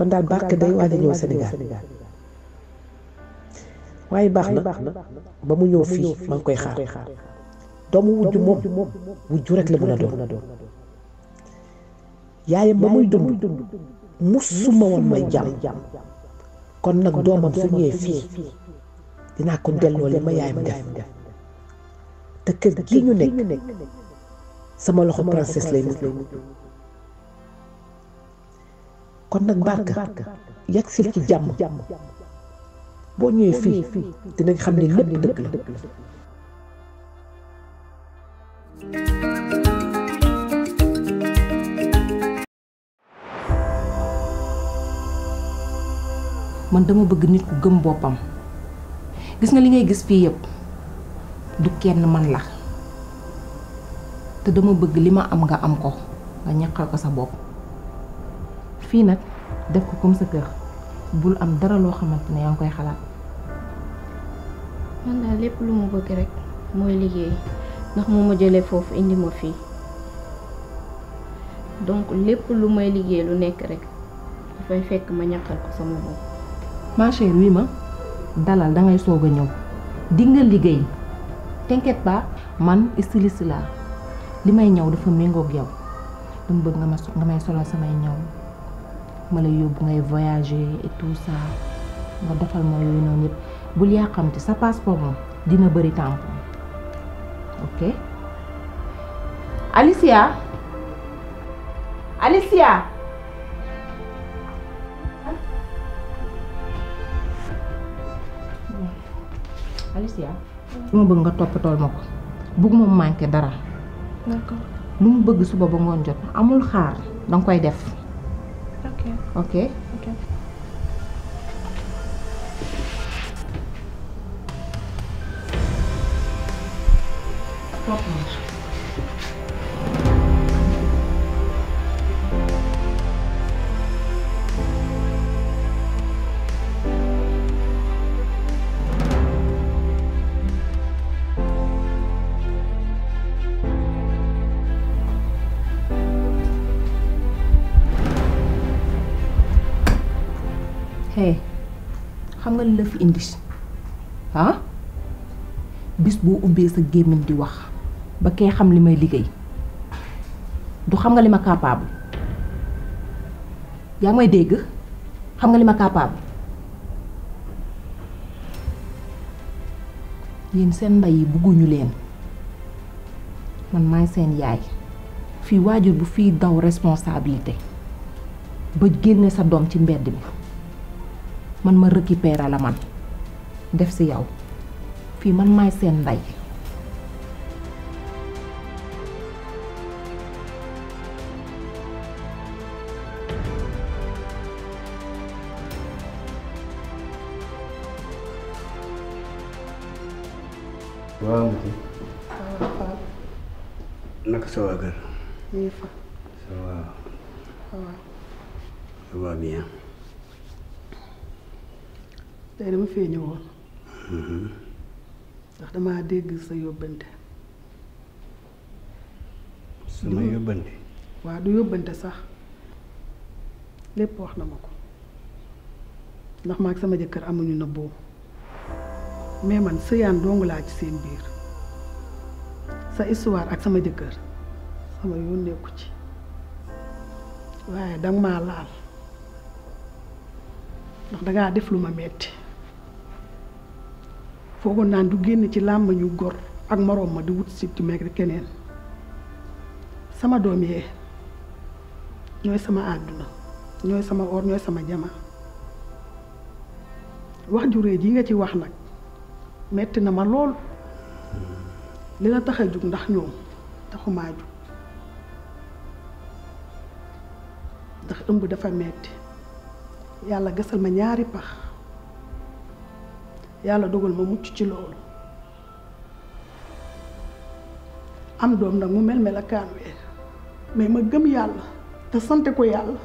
kon daal barke day waaj a ñëw Sénégal waaye baax na ba mu ñëw fii maa ngi koy xaar doomu wujju moom wujju rek la mën a doon yaayam ba muy dund musuma woon may jàmm kon nag doomam su fii dinaa ko delloo li ma yaayam def te kër gi ñu nekk sama loxo princesse lay mujj kon nag barka yegg si ci jàmm boo ñëwee fii dinañ xam ne man dama bëgg nit ku gëm boppam gis na li ngay gis fii yépp du kenn man la te dama bëgg li ma am nga am ko nga ñaqal ko sa bopp. fii nag def ko kom sa kër bul am dara loo xamante ne yaa ngi koy xalaat. man daal lépp lu ma bëgg rek mooy liggéey ndax moo ma jëlee foofu indi ma fii donc lépp lu may liggéey lu nekk rek dafay fekk ma ñaqal ko sama bopp. ma wi ma dalal dangay ngay soog a ñëw di nga liggéey t'inquiète pas man styliste laa li may ñëw dafa méngoog yow dama bëgg nga ma may solal samay ñëw. ma lay yóbbu ngay voyager et tout nga defal ma yooyu noonu yëpp bul yàqamti sa passeport moom dina bëri tampon ok Alicia Alicia Alicia dama bëgg nga toppatool ma ko bëgguma mu manqué dara d'accord mu bëgg suba ba ngoon jot amul xaar danga koy def ok ok xamal fi indi ah? bis boo ubbee sa gémmiñ di wax ba kay xam li may liggéey du xam nga li ma capable yaa may dégg xam nga li ma capable yéen seen ndey yi bugguñu leen man maay seen yaay fii waajur bu fii daw responsabilité ba génne sa doom ci mbedd mi man ma récupérer la man def si yow fii man maay seen ndey waaw Mati. waaw naka sa waa kër. ñu tey dama fee ñëwoon mm-hmm. ndax damaa dégg sa yóbbante sama yóbbante waaw du yóbbante sax lépp wax na ma ko ndax maag sama jëkkër amuñu na boobu mais man sëyaan dong laa ci seen biir sa histoire ak sama jëkkër sama yoon ci waaye danga maa laal ndax dangaa def lu ma metti foogoon naan du génn ci làmb làmmiñu gor ak moroom ma di wut si ci keneen sama doom yee ñooy sama àdduna ñooy sama or ñooy sama jama wax juree ji nga ci wax nag metti na ma lool li la tax a jug ndax ñoom taxumaa jug ndax ëmb dafa metti yàlla gasal ma ñaari pax yàlla dogal ma mucc ci loolu am doom nag mu mel mel ak kaan ma gëm yàlla te sante ko yàlla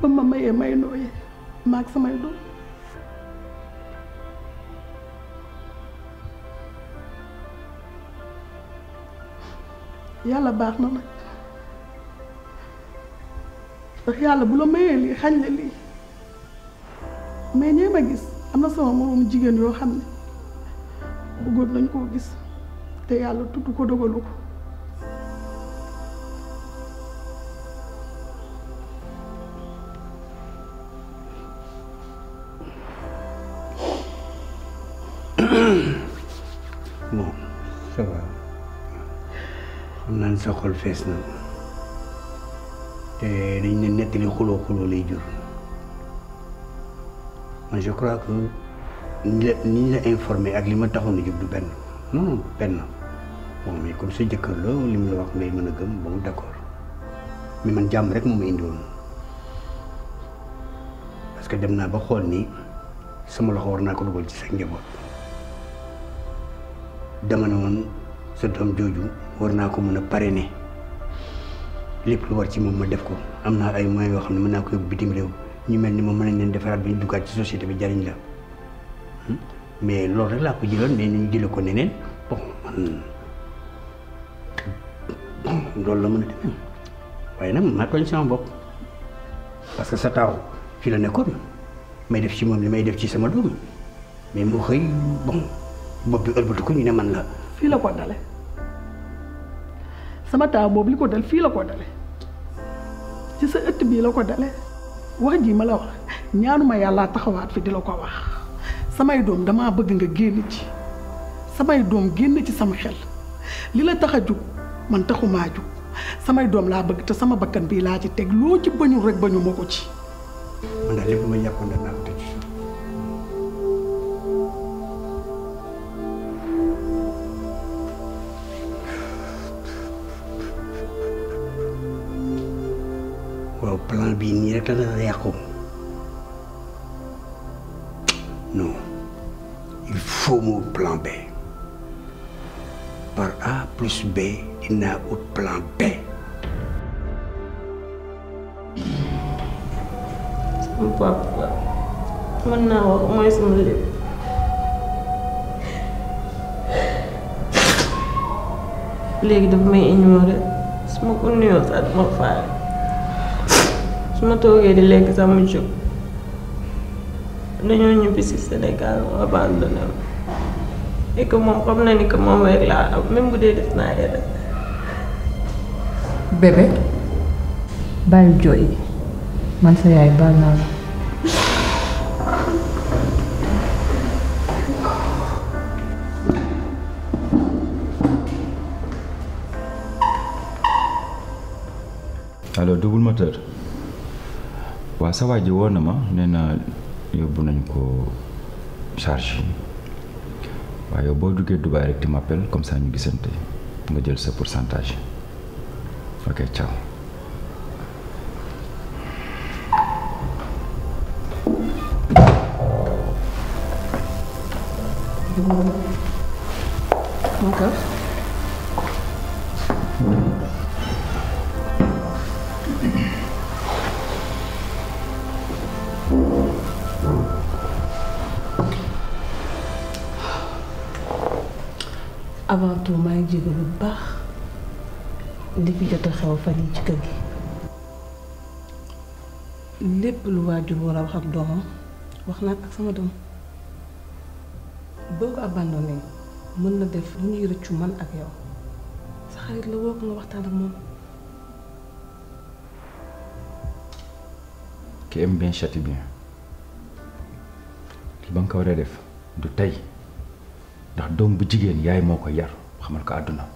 ba ma mayee may nooyee maag samay doom yàlla baax na nag ndax yàlla bu la mayee lii xañ la lii mais ñee ma gis am na sama moroom jigéen yoo xam ne bëggoon nañ koo gis te yàlla tudd ko dogalu ko bon ça va xam naa sa xol fees na te dañ ne nettali xuloo xuloo lay jur man je crois que ni la ni ñu la informé ak li ma taxoon a jub du benn non hmm. non benn bon mais comme sa jëkkër la li mu wax ngay mën a gëm bon d'accord mais man jàmm rek moo ma indiwoon parce que dem naa ba xool ni sama loxo war naa ko dugal ci sa njaboot dama ne woon sa doom jooju war naa ko mën a pare parrainer lépp lu war ci moom ma def ko am naa ay moyens yoo xam ne mën naa ko yóbbu bitim réew ñu mel ni moom mën nañ leen defaraat ba ñu duggaat ci société bi jariñ la hmm? mais loolu rek laa ko jëloon mais ñu jële ko neneen bon loolu la mën a demee waaye nag maa tooñ sama bopp parce sa taaw fii la nekkoon may def ci moom li may def ci sama doom mais mu xëy bopp bi ëlbatu ko ñu ne man la fii la ko dale sama taaw boobu li ko dal fii la ko dale ci sa ëtt bii la ko dale wax ji ma la wax ñaanuma yàlla taxawaat fi di la ko wax samay doom damaa bëgg nga génn ci samay doom génn ci sama xel li la tax a jug man taxumaa jug samay doom laa bëgg te sama bakkan bii laa ci teg loo ci bañul rek bañu ma ko ci ma jàppandal plan bii nii rek la dana yàqu non il faut mu plan B par A plus B dinaa ut plan B. sama papa mën naa wax mooy sama léegi daf may ignorer su ma ko nuyoo sax dama faale. su ma toogee di lekk sax mu jóg dañoo ñibbi si Sénégal moom xam na ni que moom rek laa am bu dee def naa erreur. bébé bàyyi jooy man sa yaay baal naa la. allo double moteur. waa sa waa ji woo na ma nee na yóbbu nañ ko charge waaw yow boo duggee du rek tu m'appelles comme ça ñu gisante nga jël sa pourcentage ok ciao. fi jot ci kër lépp lu waajur war a wax ak doomam wax naa ak sama doom boo ko abandonné mën na def lu ñuy rëccu man ak yow sa xarit la woo ko nga waxtaan moom qui aime bien waree def du tey ndax doom bu jigéen yaay moo ko yar xamal ko àdduna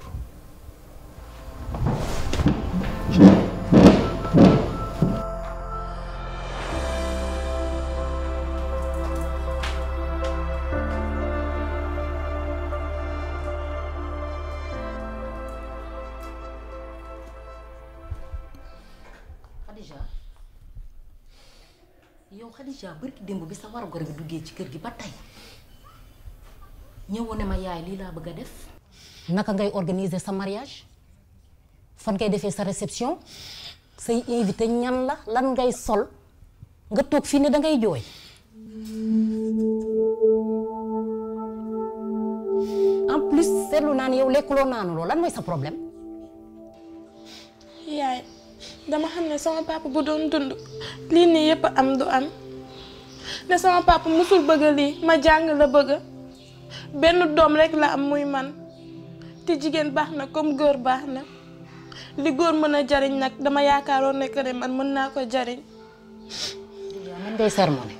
Khadija barki démb bi sa war gor bi duggee ci kër gi ba tey ñëwoon ne ma yaay lii laa bëgg a def. naka ngay organiser sa mariage fan ngay defee sa réception say invité ñan la lan ngay sol nga toog fii ne dangay ngay jooy. en plus seetlu naa ne yow lekkuloo naanuloo lan mooy sa problème. yaay dama xam ne sama papa bu doon dund lii nii yëpp am du am. ne sama papa musul bëgg lii ma jàng la bëgg benn doom rekk la am muy man te jigéen baax na comme góor baax na li góor mën a jariñ nag dama yaakaaroon ne man mën naa ko jariñ. man day sermoné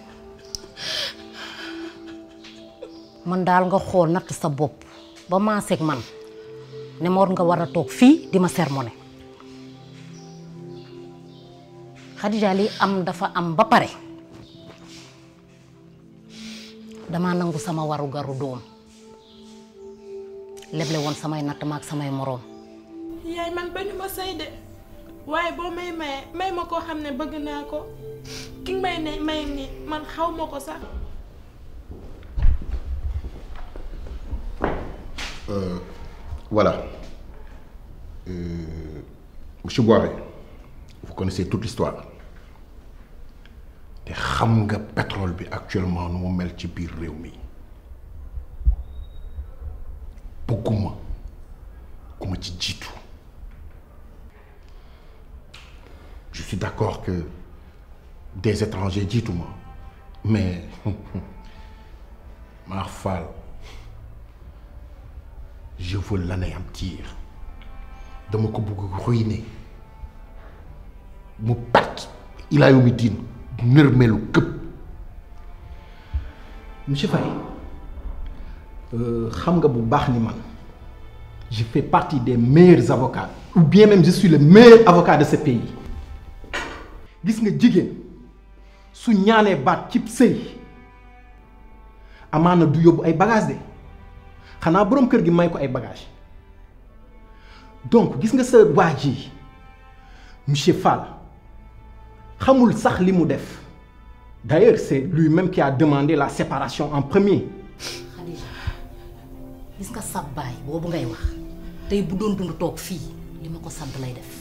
man daal nga xool natt sa bopp ba maaseeg man ne moor nga war a toog fii di ma sermoné Xadija li am dafa am ba pare. damaa nangu sama waru garu doom leble woon samay natt maak samay moroom yaay man bañu ma sëy de waaye boo may maye may ma koo xam ne bëgg naa ko ki may ne may ni man xaw ma ko sax euh, voilà euh, monsieur Boiré vous connaissez toute l'histoire te xam nga pétrole bi actuellement nu mu mel ci biir réew mi bëgguma ku ma ci jiitu je suis d'accord que des étrangers jiitu ma mais Maar Fall je veux l'anéantir dama ko bëgg ruiner mu perte ilaa yawmi diin nërmelu këpp. monsieur Faye euh, xam nga bu baax ni man je fais partie des meilleurs avocats ou bien même je suis le meilleur avocat de pays gis nga jigéen su ñaanee baat cib sëy amaana du yóbbu ay bagages de xanaa boroom kër gi may ko ay bagages donc gis nga sa waa ji monsieur Fall. xamul sax li mu def d'ailleurs c'est lui-même qui a demandé la séparation en premier. Khadija gis nga sa baay boobu ngay wax tey bu doon dund toog fii li ma ko sant lay def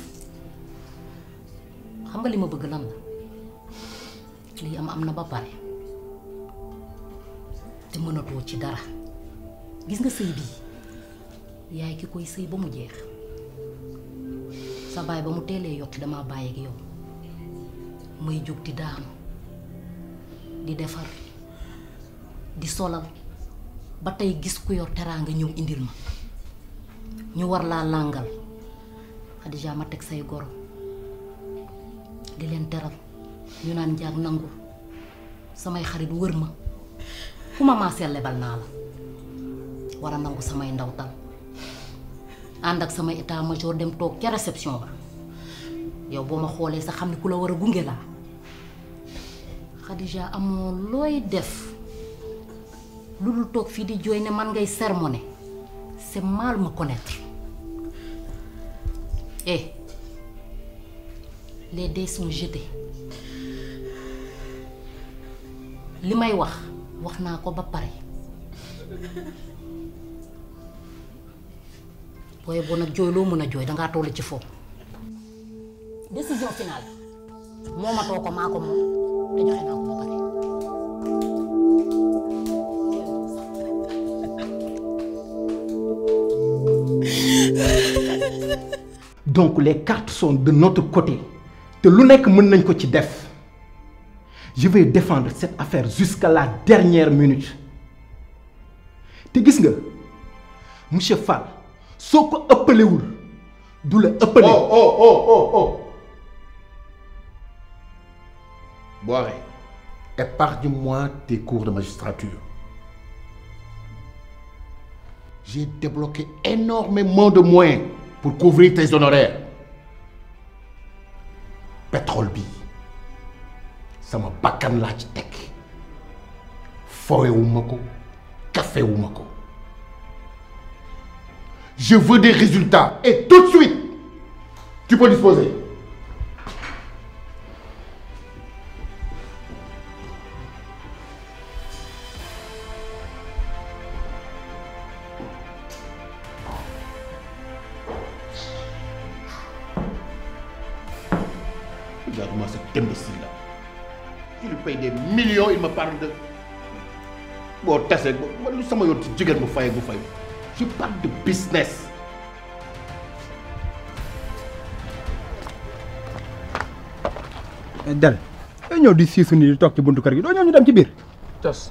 xam nga li ma bëgg lan la lii am am na ba pare te mënatoo ci dara gis nga sëy bii yaay ki koy sëy ba mu jeex sa baay ba mu teelee yokk damaa bàyyi ak yow. may jóg di daanu di defar di solal ba tey gis ku yor teraanga ñëw indil ma ñu war laa làngal Xadija ma teg say goro di leen teral ñu naan jaag nangu samay xarit wër ma ku ma maaseel lebal naa la war a nangu samay ndawtal ànd ak sama état major dem toog ca réception ba yow boo ma xoolee sa xam ne ku la war a gunge laa Khadija amoo looy def lu dul toog fii di jooy ne man ngay sermone c'est mal me connaître eh les dés sont jetés li may wax wax naa ko ba pare booy boo nag jooy loo mën a jooy dangaa toll ci foofu décision finale moomatoo ko maa ko moom donc les cartes sont de notre côté te lu nekk mën nañ ko ci def je vais défendre cette affaire jusqu'à la dernière minute te gis nga monsieur Fall soo ko ëppalewul du la ëppale. Oh, oh, oh, Boiré, épargne-moi tes cours de magistrature. J'ai débloqué énormément de moyens pour couvrir tes honoraires. Pétrole bi sama bakkan laa ci teg fowewuma ko kafewuma ko je veux des résultats et tout de suite tu peux jigéen bu fay eh, eh, ñëw di siisu nii di toog ci buntu kër gi doo ñëw ñu dem ci biir. cos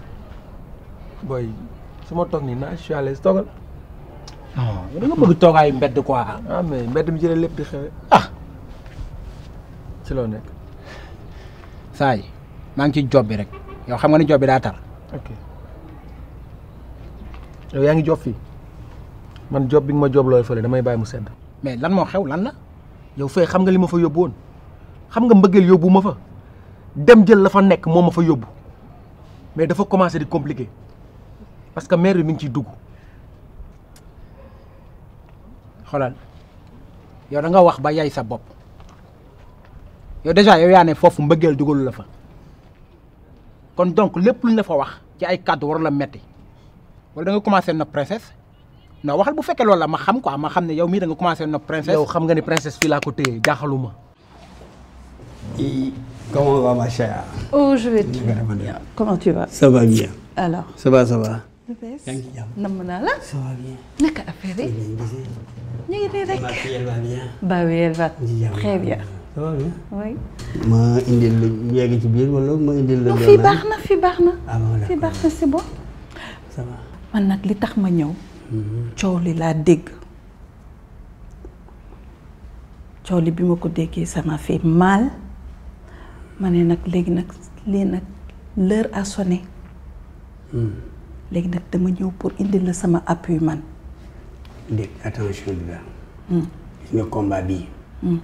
booy su ma toog nii naa je suis à l'aise toogal. Ah, da nga bëgg toogaayu mbedd quoi. ah mbedd mi jëlee lépp di xewe ah ci loo nekk. saa yi maa ci job rek yow xam nga ne job daa tar. yow yaa ngi job fii man job bi nga ma job looy fële damay bàyyi mu sedd. mais lan moo xew lan la yow fay xam nga li ma fa yóbbu woon xam nga mbëggeel yóbbu ma fa dem jël la fa nekk moom ma fa yóbbu mais dafa commencé di compliqué parce que maire bi ngi ciy dugg xoolal yow danga wax ba yay sa bopp yow déjà yow yaa ne foofu mbëggeel dugalu la fa kon donc lépp lu ñu fa wax ci ay kàddu war la metti wala da nga commencé nopp princesse non bu fekkee loolu la ma xam ko ma xam ne yow mii da nga commencé nopp princesse. yow xam nga ni princesse fii laa ko téye jaaxaluma. ma chère. la. naka affaire yi. ñu ngi rek. ma fille ba très bien. ma indil la yegg ci biir wala ma indil la. baax na fii baax na. ah bon d'accord fii baax na man nag li tax ma ñëw coow li laa dégg coow li bi ma ko déggee sama m'a fait mal ma ne nag léegi nag lii nag l'heure a sonné léegi nag dama ñëw pour indi la sama appui man dégg attention bi la hmm. gis nga combat bii hmm.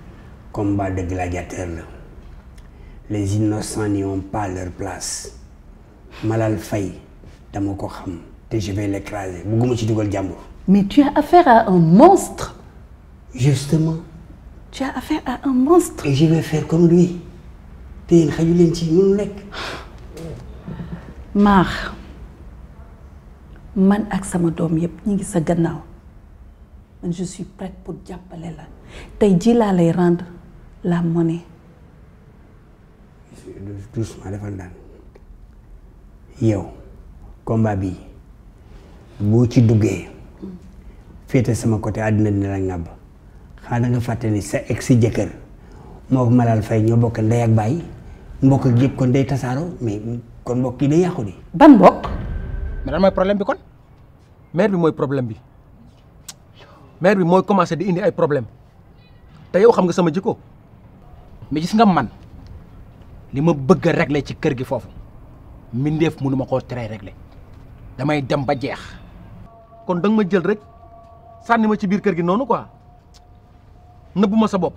combat de la les innocents n'y ont pas leur place Malal Faye dama ko xam te je vais l'écraser bugguma ci dugal jàmbur. mais tu as affaire à un monstre. justement. ci mënu nekk. maar man ak sama doom yëpp ñu ngi sa gannaaw man jàppale la tey jii laa lay rendre la monnaie. doucement defal daan yow boo ci duggee féete sama côté àddina dina la ŋàbb xanaa nga fàtte sa ex si jëkkër moo Malal Faye ñoo bokk ndey ak baay mbokk ak kon day tasaaroo mais kon mbokk yi day yàqu di ban mbokk mais lan problème bi kon maire bi mooy problème bi maire bi mooy commencé di indi ay problème te yow xam nga sama jikko mais gis nga man li ma bëgg a régler ci kër gi foofu mbindeef mënu ma koo teree régler damay dem ba jeex kon danga ma jël rek sànni ma ci biir kër gi noonu ko nëbbu ma sa bopp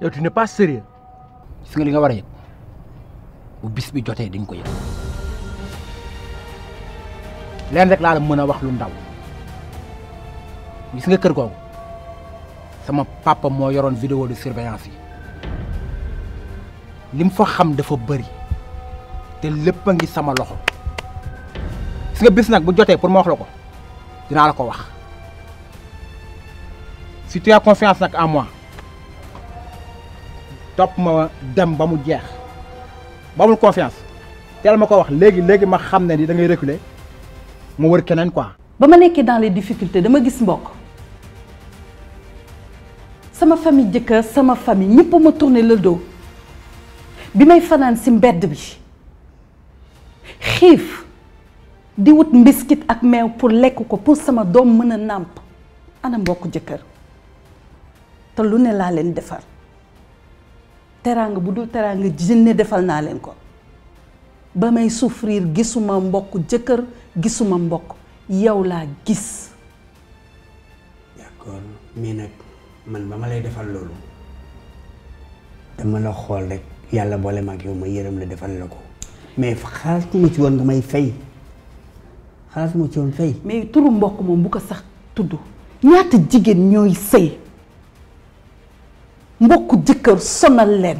yow tu n'es pas sérieux gis nga li nga war a yëg bu bis bi jotee di nga ko yëg leen rek laa la mën a wax lu ndaw gis nga kër googu sama papa moo yoroon video de surveillance yi li mu fa xam dafa bari te lépp a ngi sama loxo gis nga bis nag bu jotee pour ma wax la ko dinaa la ko wax si tu as nag en moi topp ma dem ba mu jeex ba amul confiance teel ma ko wax léegi léegi ma xam ne ni da ngay reculer mu wër keneen ko ba ma nekkee dans les difficultés dama gis mbokk sama famille jëkkër sama famille ñëpp ma tourné le dos bi may fanaan si mbedd bi xiif. di wut mbiskit ak meew pour lekk ko pour sama doom mën a nàmp ana mbokk jëkkër te lu ne laa leen defar teraanga bu dul teraanga ne defal naa leen ko ba may souffrir gisuma mbokk jëkkër gisuma mbokk yow laa gis d'accord mais nag man ba ma lay defal loolu dama la xool rek yàlla boole ma ak yow ma yërëm la defal la ko mais xaar ci woon nga may fay xalaatuma ci woon fay. mais turu mbokk moom bu ko sax tudd ñaata jigéen ñooy sëy mbokku jëkkër sonal leen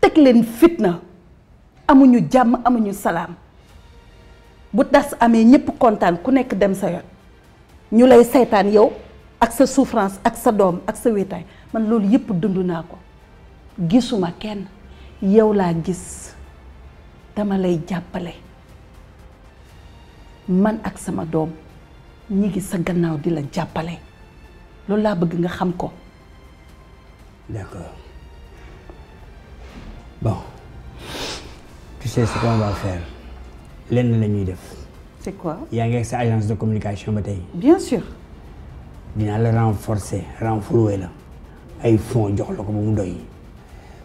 teg leen fitna amuñu jàmm amuñu salaam bu tas amee ñëpp kontaan ku nekk dem sa yoon ñu lay saytaan yow ak sa souffrance ak sa doom ak sa wéetaay man loolu yëpp dund naa ko gisuma kenn yow laa gis dama lay jàppale. man ak sama doom ñi ngi sa gannaaw di la jàppale loolu laa bëgg nga xam ko. d'accord bon tu sais ce qu'on va lenn la ñuy def. c'est yaa ngi ak sa agence de communication ba tey. bien sûr. dinaa la renforcer renflouer la ay fonds jox la ko ba mu doy.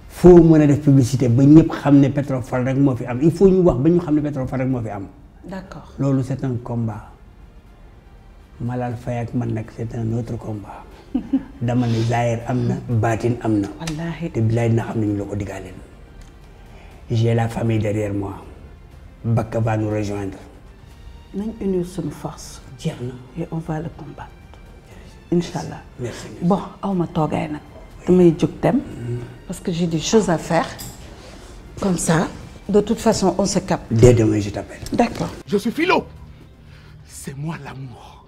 foo mën a def publicité ba ñëpp xam ne Petrofal rek moo fi am il faut ñu wax ba ñu xam ne Petrofal rek moo fi am. d'accord loolu c'est un combat Malal Faye ak man nag c'est un autre combat dama ne zaahir am na baatin am na te bilaay dina xam ne ñu la ko digaaleen j'ai la famille derrière moi Bakka va nous rejoindre nañ unir suñu force jeex na va le combattre incha allah bon aw ma toogaay nag damay jóg dem mm-hmm. parce que j'ai des choses à faire comme ça De toute façon, on je suis Philo. C'est moi l'amour.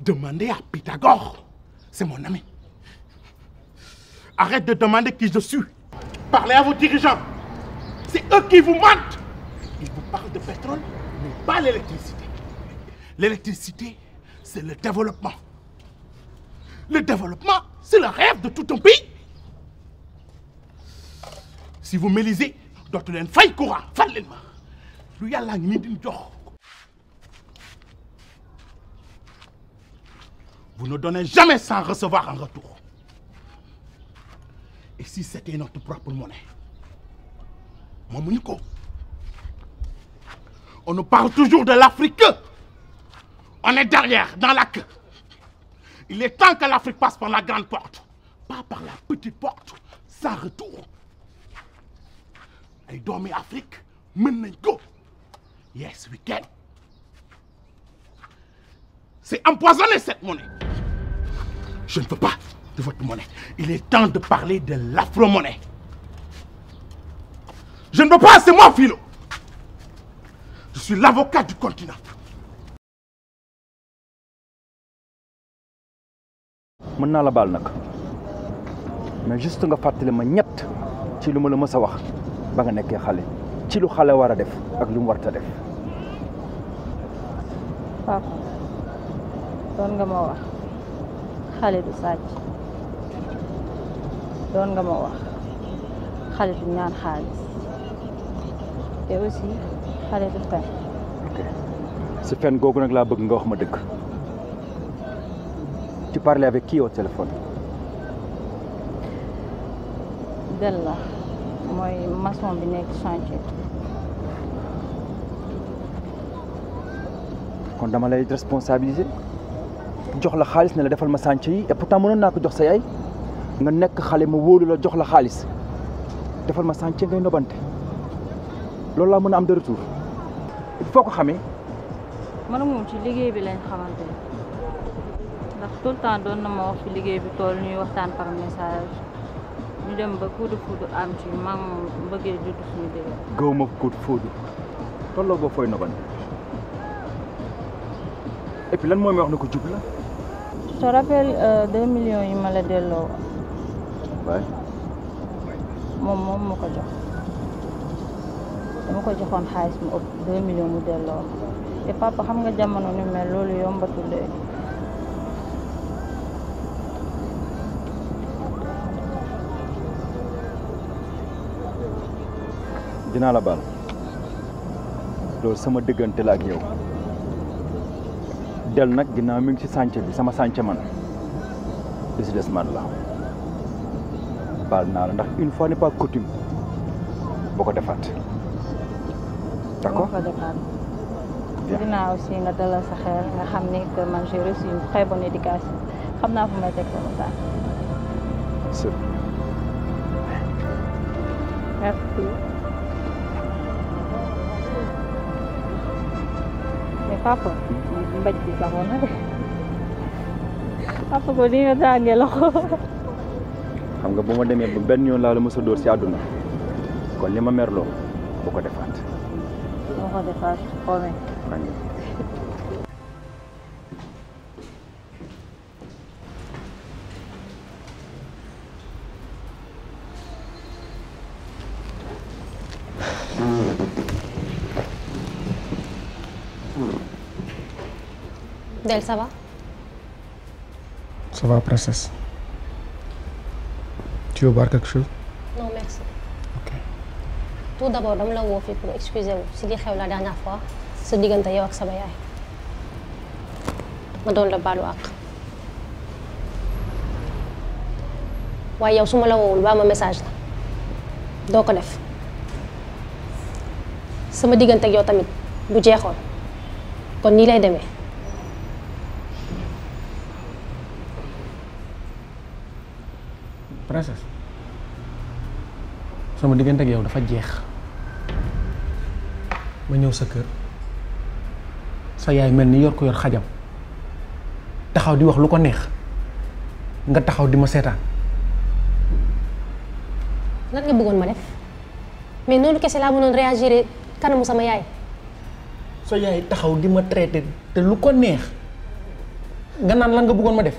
Demandez à Pythagore. C'est mon ami. Arrête de demander qui je suis. Parlez à vos dirigeants. C'est eux qui vous mentent. Ils vous parlent de pétrole, mais pas l'électricité. c'est le développement. Le développement, c'est le rêve de tout un Si vous m'élisez, dootu leen fay courant fal leen ma lu yàllaa ngi ni di jox vous ne donnez jamais sans recevoir en retour et si c'était notre propre monnaie moomuñu ko on nous parle toujours de l'Afrique on est derrière dans la queue il est temps que l'Afrique passe par la grande porte pas par la petite porte sans retour ay doomi Afrique mën nañ ko yes we c'est empoisonné cette monnaie je ne peux pas de votre monnaie il est temps de parler de l'afro-monnaie je ne peux pas c'est moi Philo je suis l'avocat du continent mën naa la baal nag mais juste nga fàttali ma ñett ci lu ma mës a wax ba nga nekkee xale ci lu xale war a def ak lu mu warta def. papa doon nga ma wax xale du sàcc doon nga ma wax xale du ñaan xaalis te aussi xale du fen. si fen googu nag laa bëgg nga wax ma dëkk tu parlais avec qui au téléphone. Bella. mooy maçon bi nekk chantier. kon dama lay responsabiliser jox la xaalis ne la defal ma chantier yi et pourtant mënoon naa ko jox sa yaay nga nekk xale ma wóolu la jox la xaalis defal ma chantier ngay nobante loolu laa mën a am de retour. foo ko xamee. man moom ci liggéey bi lañ xamante ndax tout temps doon na ma wax liggéey bi tool ñuy waxtaan par message. ñu dem ba kuutu fuutu am ci maam bëggee judd suñu dëgg. gaw ma kuutu fuutu tolloo boo fooy noban et puis lan mooy ma wax ne ko jub la. je te rappelle euh, yi ma la delloo. waay. moom moom mu ko jox dama ko joxoon xaalis mu ëpp deux millions mu delloo te papa xam nga jamono ni mel loolu yombatul dinaa la baal loolu sama dëggante la ak yow del nag ginnaaw mi ngi ci sànce bi sama sance man li si des man la baal naa la ndax une fois n'est boo ko defaat d'accord dinaa aussi nga dalal sa xel nga xam ne que man j'ai reçu une éducation xam naa fu may teg sama tànk merci Papa, bagtis ako na. Papagunin yung Daniel ako. xam nga bu demee ba benn yoon laa la mos a dóor si àdduna kon li ma merloo bu ko defaat. ko defaat xool Del ça va. ça va princesse. tu veux boire quelque chose. non merci. ok. tout d'abord dama la woo fii pour excuser wu si li xew la sa diggante yow ak sama yaay ma doon la baalu àq. waaye yow su ma la woowul baa ma message doo ko def sama diggante ak yow tamit bu jeexoon kon nii lay demee. princesse sama diggante ak yow dafa jeex ma ñëw sa kër sa yaay mel ni yor ko yor xajam taxaw di wax lu ko neex nga taxaw di ma seetaan. lan nga bëggoon ma def mais noonu kese laa mënoon réagir kanamu sama yaay. sa yaay taxaw di ma traité te lu ko neex nga naan lan nga bëggoon ma def.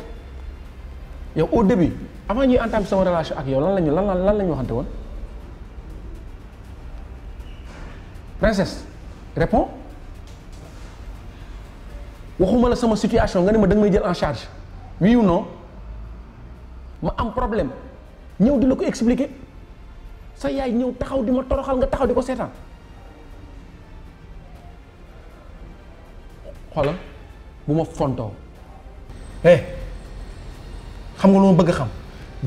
yow au début avant ñuy entamer sama relation ak yow lan lañu lan lan la ñu waxante woon princesse réponds waxuma la sama situation nga ne ma da may jël en charge oui ou ma am problème ñëw dina ko expliquer sa yaay ñëw taxaw di ma toroxal nga taxaw di ko seetaan xoolal bu ma fontoo eh, xam nga lu ma bëgg xam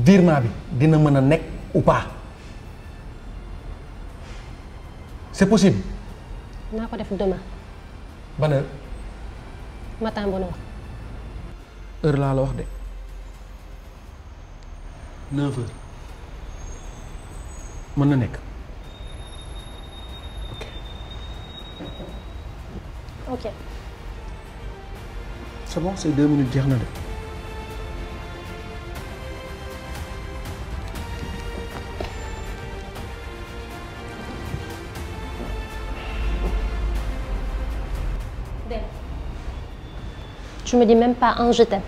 diirma bi dina mën a nekk ou pas c'est possible. naa ko def demain. ban heure. matin bu noor. heure laa la wax de. neuf mën na nekk. ok. ok. c'est bon c'est deux minutes jeex na de. tu me dis même pas un je t'aime.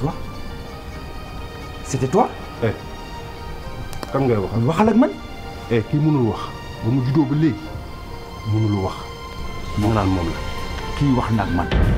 toi c'était toi. eh kan ngay wax. ak man. Eh, kii mënul wax ba mu juddoo ba léegi mënul wax mu naan moom la kii wax na ak man.